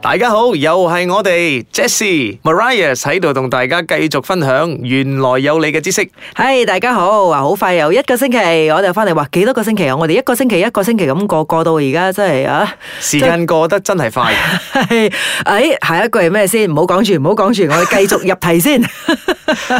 大家好，又係我哋 Jessie Maria 喺度同大家繼續分享玄來有理嘅知識。嗨，大家好，啊好快又一個星期，我哋翻嚟話幾多個星期啊？我哋一個星期一個星期咁過，過到而家真係啊，時間過得真係快。哎，下一句係咩先？唔好講住，唔好講住，我哋繼續入題先。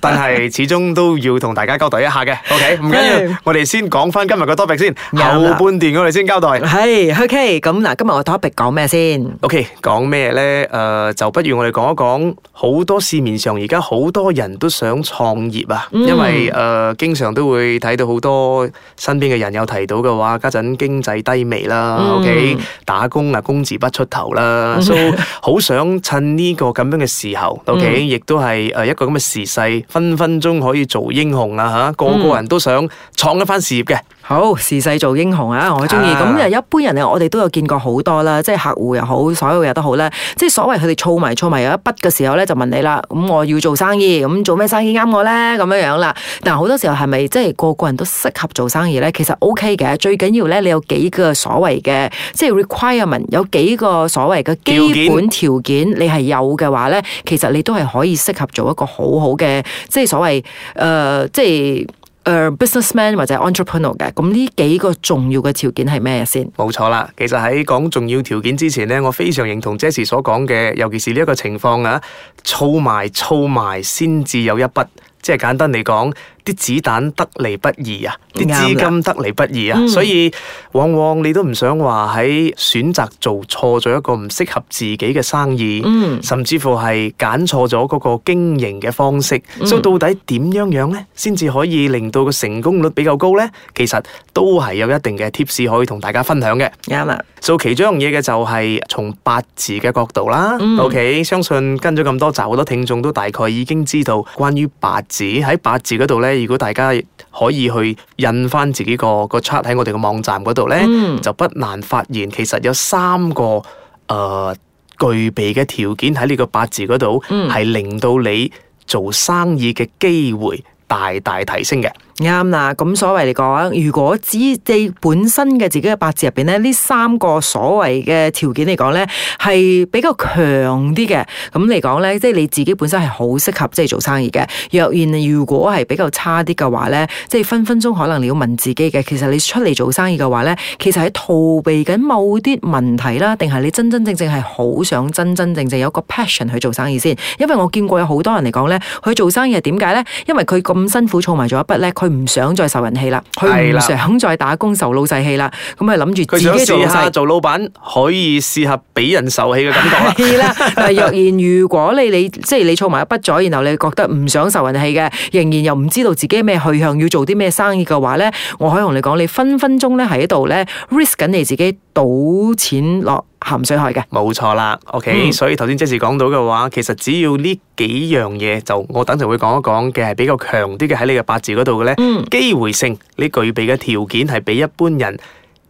但係始終都要同大家交代一下嘅，OK？唔緊要，我哋先講翻今日個 topic 先，後半段我哋先交代。係，OK？咁嗱，今日個 topic 講咩先？OK，講。講咩咧？誒、呃，就不如我哋講一講，好多市面上而家好多人都想創業啊，嗯、因為誒、呃，經常都會睇到好多身邊嘅人有提到嘅話，家陣經濟低微啦、嗯，OK，打工啊，工字不出頭啦，都好想趁呢個咁樣嘅時候，OK，亦都係誒一個咁嘅時勢，分分鐘可以做英雄啊！吓、啊，個個人都想創一番事業嘅。好時勢做英雄啊！我中意咁啊，一般人啊，我哋都有見過好多啦，即係客戶又好，所有嘢都好啦。即係所謂佢哋儲埋儲埋有一筆嘅時候咧，就問你啦。咁、嗯、我要做生意，咁、嗯、做咩生意啱我咧？咁樣樣啦。但係好多時候係咪即係個個人都適合做生意咧？其實 OK 嘅，最緊要咧，你有幾個所謂嘅即係 requirement，有幾個所謂嘅基本條件你，你係有嘅話咧，其實你都係可以適合做一個好好嘅即係所謂誒、呃、即係。誒、呃、businessman 或者 entrepreneur 嘅，咁呢幾個重要嘅條件係咩先？冇錯啦，其實喺講重要條件之前咧，我非常認同 Jessie 所講嘅，尤其是呢一個情況啊，儲埋儲埋先至有一筆，即係簡單嚟講。啲子彈得嚟不易啊，啲資金得嚟不易啊，嗯、所以往往你都唔想話喺選擇做錯咗一個唔適合自己嘅生意，嗯、甚至乎係揀錯咗嗰個經營嘅方式。嗯、所以到底點樣樣咧，先至可以令到個成功率比較高咧？其實都係有一定嘅 tips 可以同大家分享嘅。啱啦，嗯，做其中一樣嘢嘅就係從八字嘅角度啦。嗯、OK，相信跟咗咁多集，好多聽眾都大概已經知道關於八字喺八字嗰度咧，如果大家可以去印翻自己個個 chart 喺我哋嘅網站嗰度咧，嗯、就不難發現其實有三個誒、呃、具備嘅條件喺呢個八字嗰度，係、嗯、令到你做生意嘅機會大大提升嘅。啱啦，咁所謂嚟講，如果自己本身嘅自己嘅八字入邊咧，呢三個所謂嘅條件嚟講咧，係比較強啲嘅。咁嚟講咧，即係你自己本身係好適合即係做生意嘅。若然如果係比較差啲嘅話咧，即係分分鐘可能你要問自己嘅，其實你出嚟做生意嘅話咧，其實係逃避緊某啲問題啦，定係你真真正正係好想真真正正有個 passion 去做生意先。因為我見過有好多人嚟講咧，佢做生意係點解咧？因為佢咁辛苦儲埋咗一筆咧，佢。唔想再受人氣啦，佢唔想再打工受老細氣啦。咁啊，諗住自己做下做老闆，可以試下俾人受氣嘅感覺。但若然如果你你即係你儲埋一筆咗，然後你覺得唔想受人氣嘅，仍然又唔知道自己咩去向，要做啲咩生意嘅話咧，我可以同你講，你分分鐘咧喺度咧 risk 緊你自己賭錢落。含水蟹嘅，冇錯啦。OK，、嗯、所以頭先即 a s 講到嘅話，其實只要呢幾樣嘢，就我等陣會講一講嘅，係比較強啲嘅喺你嘅八字嗰度嘅咧。機、嗯、會性，你具備嘅條件係比一般人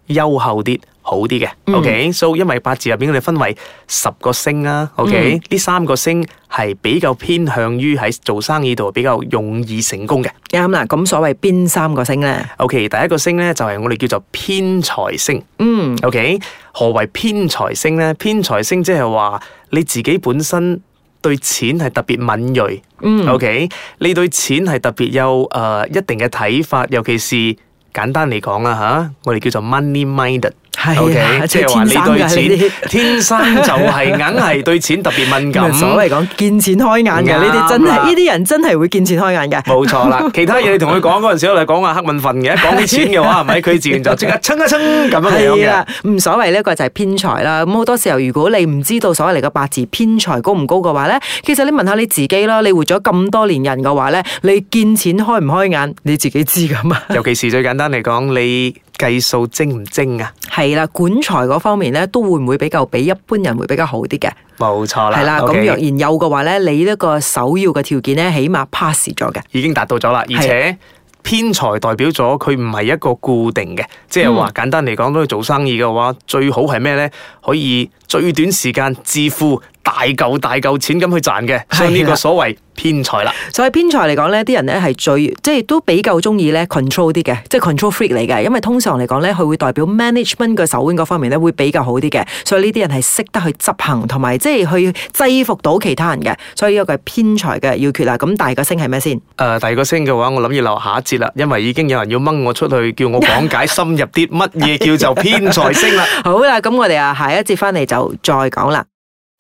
優厚啲。好啲嘅，OK，So 因為八字入邊我哋分為十個星啦。OK，呢三個星係比較偏向於喺做生意度比較容易成功嘅。啱啦，咁所謂邊三個星呢？OK，第一個星呢就係我哋叫做偏財星。嗯，OK，何為偏財星呢？偏財星即係話你自己本身對錢係特別敏銳。嗯，OK，你對錢係特別有誒一定嘅睇法，尤其是簡單嚟講啦吓，我哋叫做 money minded。係啊，okay, 即係話你對錢，天生就係硬係對錢特別敏感。所謂講見錢開眼嘅呢啲，了你真係呢啲人真係會見錢開眼嘅。冇錯啦， 其他嘢你同佢講嗰陣時，我哋講啊黑問份嘅，講啲錢嘅話，係咪佢自然就即刻蹭一蹭咁的樣係啊，唔所謂呢個就係偏財啦。咁好多時候，如果你唔知道所謂嚟個八字偏財高唔高嘅話咧，其實你問下你自己啦。你活咗咁多年人嘅話咧，你見錢開唔開眼，你自己知㗎嘛。尤其是最簡單嚟講，你。計數精唔精啊？係啦，管財嗰方面咧，都會唔會比較比一般人會比較好啲嘅？冇錯啦，係啦的。咁 Okay. 若然有嘅話咧，你呢個首要嘅條件咧，起碼 pass 咗嘅，已經達到咗啦。而且的偏財代表咗佢唔係一個固定嘅，即係話簡單嚟講，都係做生意嘅話，嗯、最好係咩咧？可以。最短時間致富，大嚿大嚿錢咁去賺嘅，所以呢個所謂偏財啦。所以偏財嚟講呢啲人呢係最即係都比較中意咧 control 啲嘅，即係 control freak 嚟嘅。因為通常嚟講呢，佢會代表 management 嘅手腕嗰方面呢會比較好啲嘅。所以呢啲人係識得去執行同埋即係去制服到其他人嘅。所以呢個係偏財嘅要訣啦。咁第二個星係咩先？誒、呃，第二個星嘅話，我諗要留下一節啦，因為已經有人要掹我出去叫我講解深入啲乜嘢叫做偏財星啦。 好啦，咁我哋啊下一節翻嚟就。再講啦。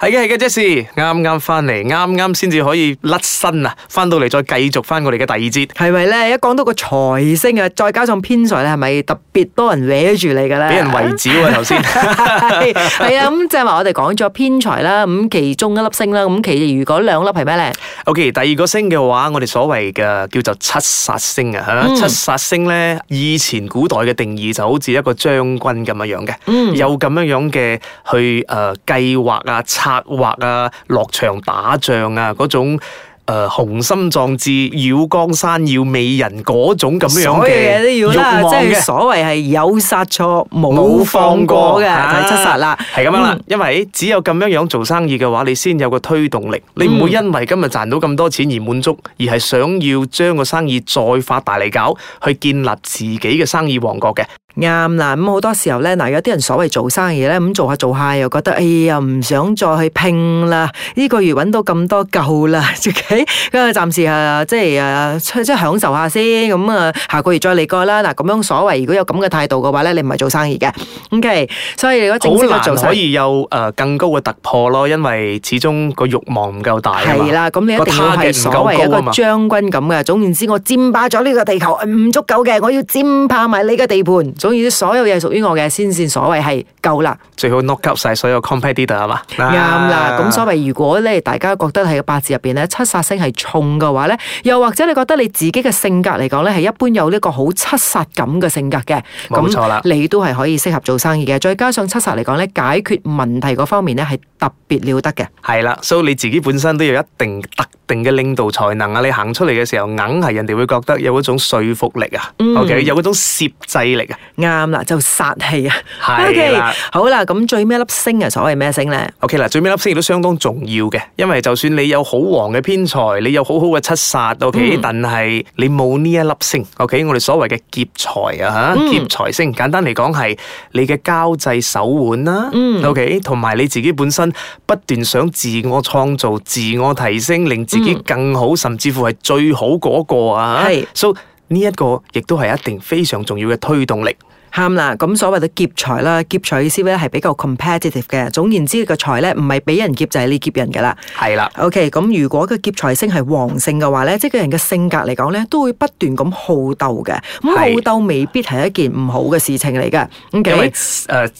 係嘅，係嘅，即係啱啱翻嚟，啱啱先至可以甩身啊！翻到嚟再繼續翻我哋嘅第二節，係咪咧？一講到個財星啊，再加上偏財咧，係咪特別多人搲住你㗎咧？俾人圍剿啊！頭先係啊，咁即係話我哋講咗偏財啦，咁其中一粒星啦，咁其如果兩粒係咩咧？O K，第二個星嘅話，我哋所謂嘅叫做七煞星啊，吓，七煞星咧，以前古代嘅定義就好似一個將軍咁樣樣嘅，嗯，有咁樣樣嘅去誒計劃啊，策。畫啊，落場打仗啊，嗰種誒雄心壯志，要江山，要美人嗰種咁樣嘅，所有嘢都要啦，即係所謂係有殺錯冇放過嘅，係七殺啦，係咁樣啦，因為只有咁樣樣做生意嘅話，你先有個推動力，你唔會因為今日賺到咁多錢而滿足，而係想要將個生意再發大嚟搞，去建立自己嘅生意王國嘅。啱啦，咁好多時候咧，嗱有啲人所謂做生意咧，咁做下做下又覺得，哎呀唔想再去拼啦，呢個月搵到咁多夠啦，自己咁啊暫時啊即係啊即係享受下先，咁啊下個月再嚟過啦。嗱咁樣所謂如果有咁嘅態度嘅話咧，你唔係做生意嘅。OK，所以你如果好難可以有誒更高嘅突破咯，因為始終個欲望唔夠大。係啦，咁你一定要係所謂一個將軍咁嘅。總言之，我占霸咗呢個地球唔足夠嘅，我要占霸埋你個地盤。總之所有嘢屬於我嘅先至所謂係夠啦，最好 knock out 曬所有 competitor 係嘛？啱啦，咁所謂如果咧，大家覺得喺個八字入邊咧，七殺星係重嘅話咧，又或者你覺得你自己嘅性格嚟講咧，係一般有呢個好七殺噉嘅性格嘅，冇錯啦，你都係可以適合做生意嘅。再加上七殺嚟講咧，解決問題嗰方面咧係特別了得嘅。係啦，所以你自己本身都要一定得。定嘅領導才能啊，你行出嚟嘅時候，硬係人哋會覺得有嗰種說服力啊。O K，有嗰種攝制力啊。啱啦，就殺氣啊。O K，好啦，咁最尾一粒星啊，所謂咩星咧？O K，嗱，最尾一粒星亦都相當重要嘅，因為就算你有好旺嘅偏財，你有好好嘅七殺，O K，但係你冇呢一粒星，O K，我哋所謂嘅劫財啊嚇，劫財星。簡單嚟講係你嘅交際手腕啦。嗯。O K，同埋你自己本身不斷想自我創造、自我提升，令自嗯、更好，甚至乎係最好嗰個啊！係是，so 呢一個亦都係一定非常重要嘅推動力。啱啦、嗯，咁所謂嘅劫財啦，劫財意思咧係比較 competitive 嘅。總言之，個財咧唔係俾人劫就係你劫人噶啦。係啦了。OK，咁如果個劫財星係旺盛嘅話咧，即係人嘅性格嚟講咧，都會不斷咁好鬥嘅。咁是好鬥未必係一件唔好嘅事情嚟嘅。咁、okay?，各、uh,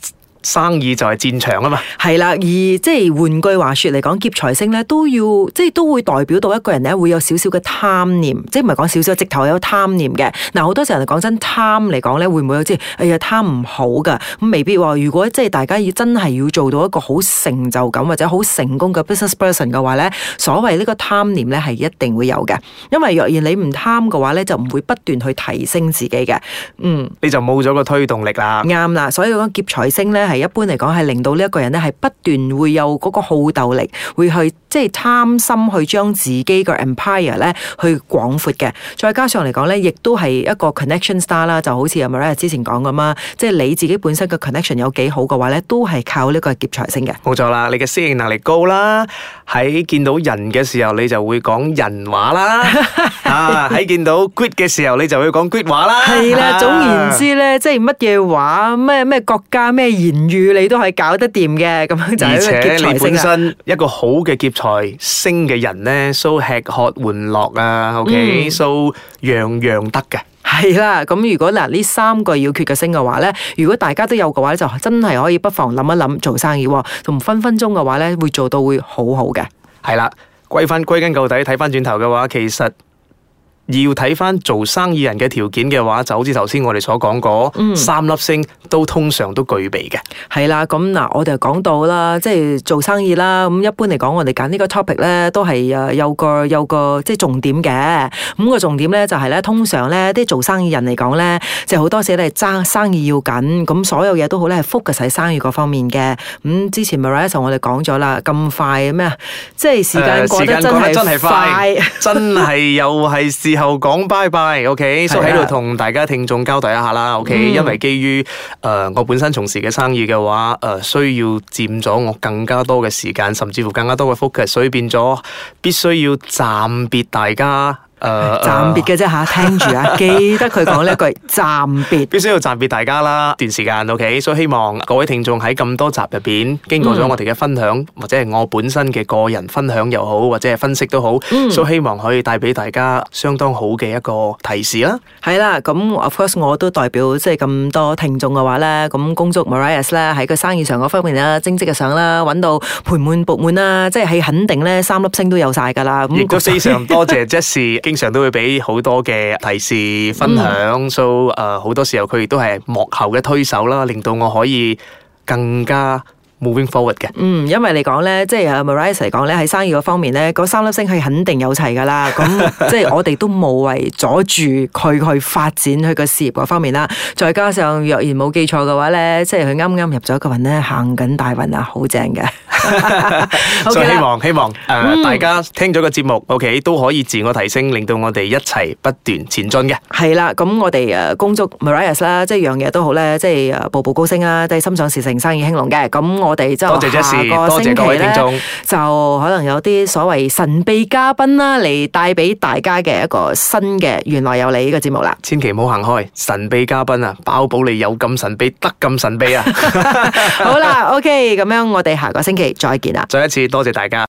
生意就係戰場啊嘛，係啦，而即係換句話說嚟講，劫財星咧都要，即係都會代表到一個人咧會有少少嘅貪念，即係唔係講少少直頭有貪念嘅。嗱，好多時候你講真貪嚟講咧，會唔會有即係？哎呀，貪唔好噶，咁未必喎。如果即係大家要真係要做到一個好成就感或者好成功嘅 business person 嘅話咧，所謂呢個貪念咧係一定會有嘅。因為若然你唔貪嘅話咧，就唔會不斷去提升自己嘅，嗯，你就冇咗個推動力啦。啱啦，所以講劫財星咧。係一般嚟講，係令到呢一個人咧，係不斷會有嗰個好鬥力，會去即係貪心去將自己個 empire 咧去廣闊嘅。再加上嚟講咧，亦都係一個 connection star 啦，就好似阿 Maria 之前講咁啦，即係你自己本身嘅 connection 有幾好嘅話咧，都係靠呢個劫財星嘅。冇錯啦，你嘅適應能力高啦，喺見到人嘅時候你就會講人話啦， 啊喺見到鬼嘅時候你就會講鬼話啦。係啦，總言之咧， 即係乜嘢話，咩咩國家咩言。遇你都係搞得掂嘅，咁樣就一個劫財星啊！而且你本身一個好嘅劫財星嘅人咧，so 吃喝玩樂啊，OK，so 樣樣得嘅。係啦，咁如果嗱呢三個要缺嘅星嘅話咧，如果大家都有嘅話咧，就真係可以不妨諗一諗做生意，同分分鐘嘅話咧會做到會好好嘅。係啦，歸翻歸根究底睇翻轉頭嘅話，其實。要睇翻做生意人嘅條件嘅話，就好似頭先我哋所講過，嗯、三粒星都通常都具備嘅。係啦，咁嗱，我哋講到啦，即係做生意啦。咁一般嚟講，我哋揀呢個 topic 咧，都係誒有個有個即係重點嘅。咁、個重點咧就係、係、咧，通常咧啲做生意人嚟講咧，即係好多時咧係爭生意要緊，咁所有嘢都好咧係 focus 喺生意嗰方面嘅。咁、嗯、之前 m 我哋講咗啦，咁快咩啊？即係時間過得真係快，呃、真係又係試。 就講拜拜，OK，所以喺度同大家聽眾交代一下啦，OK，嗯、因為基於誒、呃、我本身從事嘅生意嘅話，誒、呃、需要佔咗我更加多嘅時間，甚至乎更加多嘅 focus，所以變咗必須要暫別大家。誒，暫別嘅啫吓，聽住啊，記得佢講呢一句暫別。必須要暫別大家啦，段時間，OK。所以希望各位聽眾喺咁多集入邊，經過咗我哋嘅分享，或者係我本身嘅個人分享又好，或者係分析都好，所以希望可以帶俾大家相當好嘅一個提示啦。係啦，咁 of course 我都代表即係咁多聽眾嘅話咧，咁恭祝 Mariah 咧喺個生意場嗰方面啦，升職嘅相啦，揾到盆滿缽滿啦，即係係肯定咧，三粒星都有晒噶啦。亦都非常多謝 Jessie。經常都會俾好多嘅提示分享，所以誒好多時候佢亦都係幕後嘅推手啦，令到我可以更加 moving forward 嘅。嗯，因為嚟講咧，即係誒，Mariah 嚟講咧喺生意嗰方面咧，嗰三粒星係肯定有齊噶啦。咁 即係我哋都冇謂阻住佢去發展佢個事業嗰方面啦。再加上若然冇記錯嘅話咧，即係佢啱啱入咗個運咧，行緊大運啊，好正嘅。 所以希望希望誒大家聽咗個節目，OK 都可以自我提升，令到我哋一齊不斷前進嘅。係啦，咁我哋誒恭祝 Mariah 啦，即係樣嘢都好咧，即係誒步步高升啊，即係心想事成、生意興隆嘅。咁我哋即係下個星期咧，就可能有啲所謂神秘嘉賓啦，嚟帶俾大家嘅一個新嘅玄來有理呢個節目啦。千祈唔好行開，神秘嘉賓啊，包保你有咁神秘，得咁神秘啊！好啦，OK，咁樣我哋下個星期。再見啦！再一次多謝大家。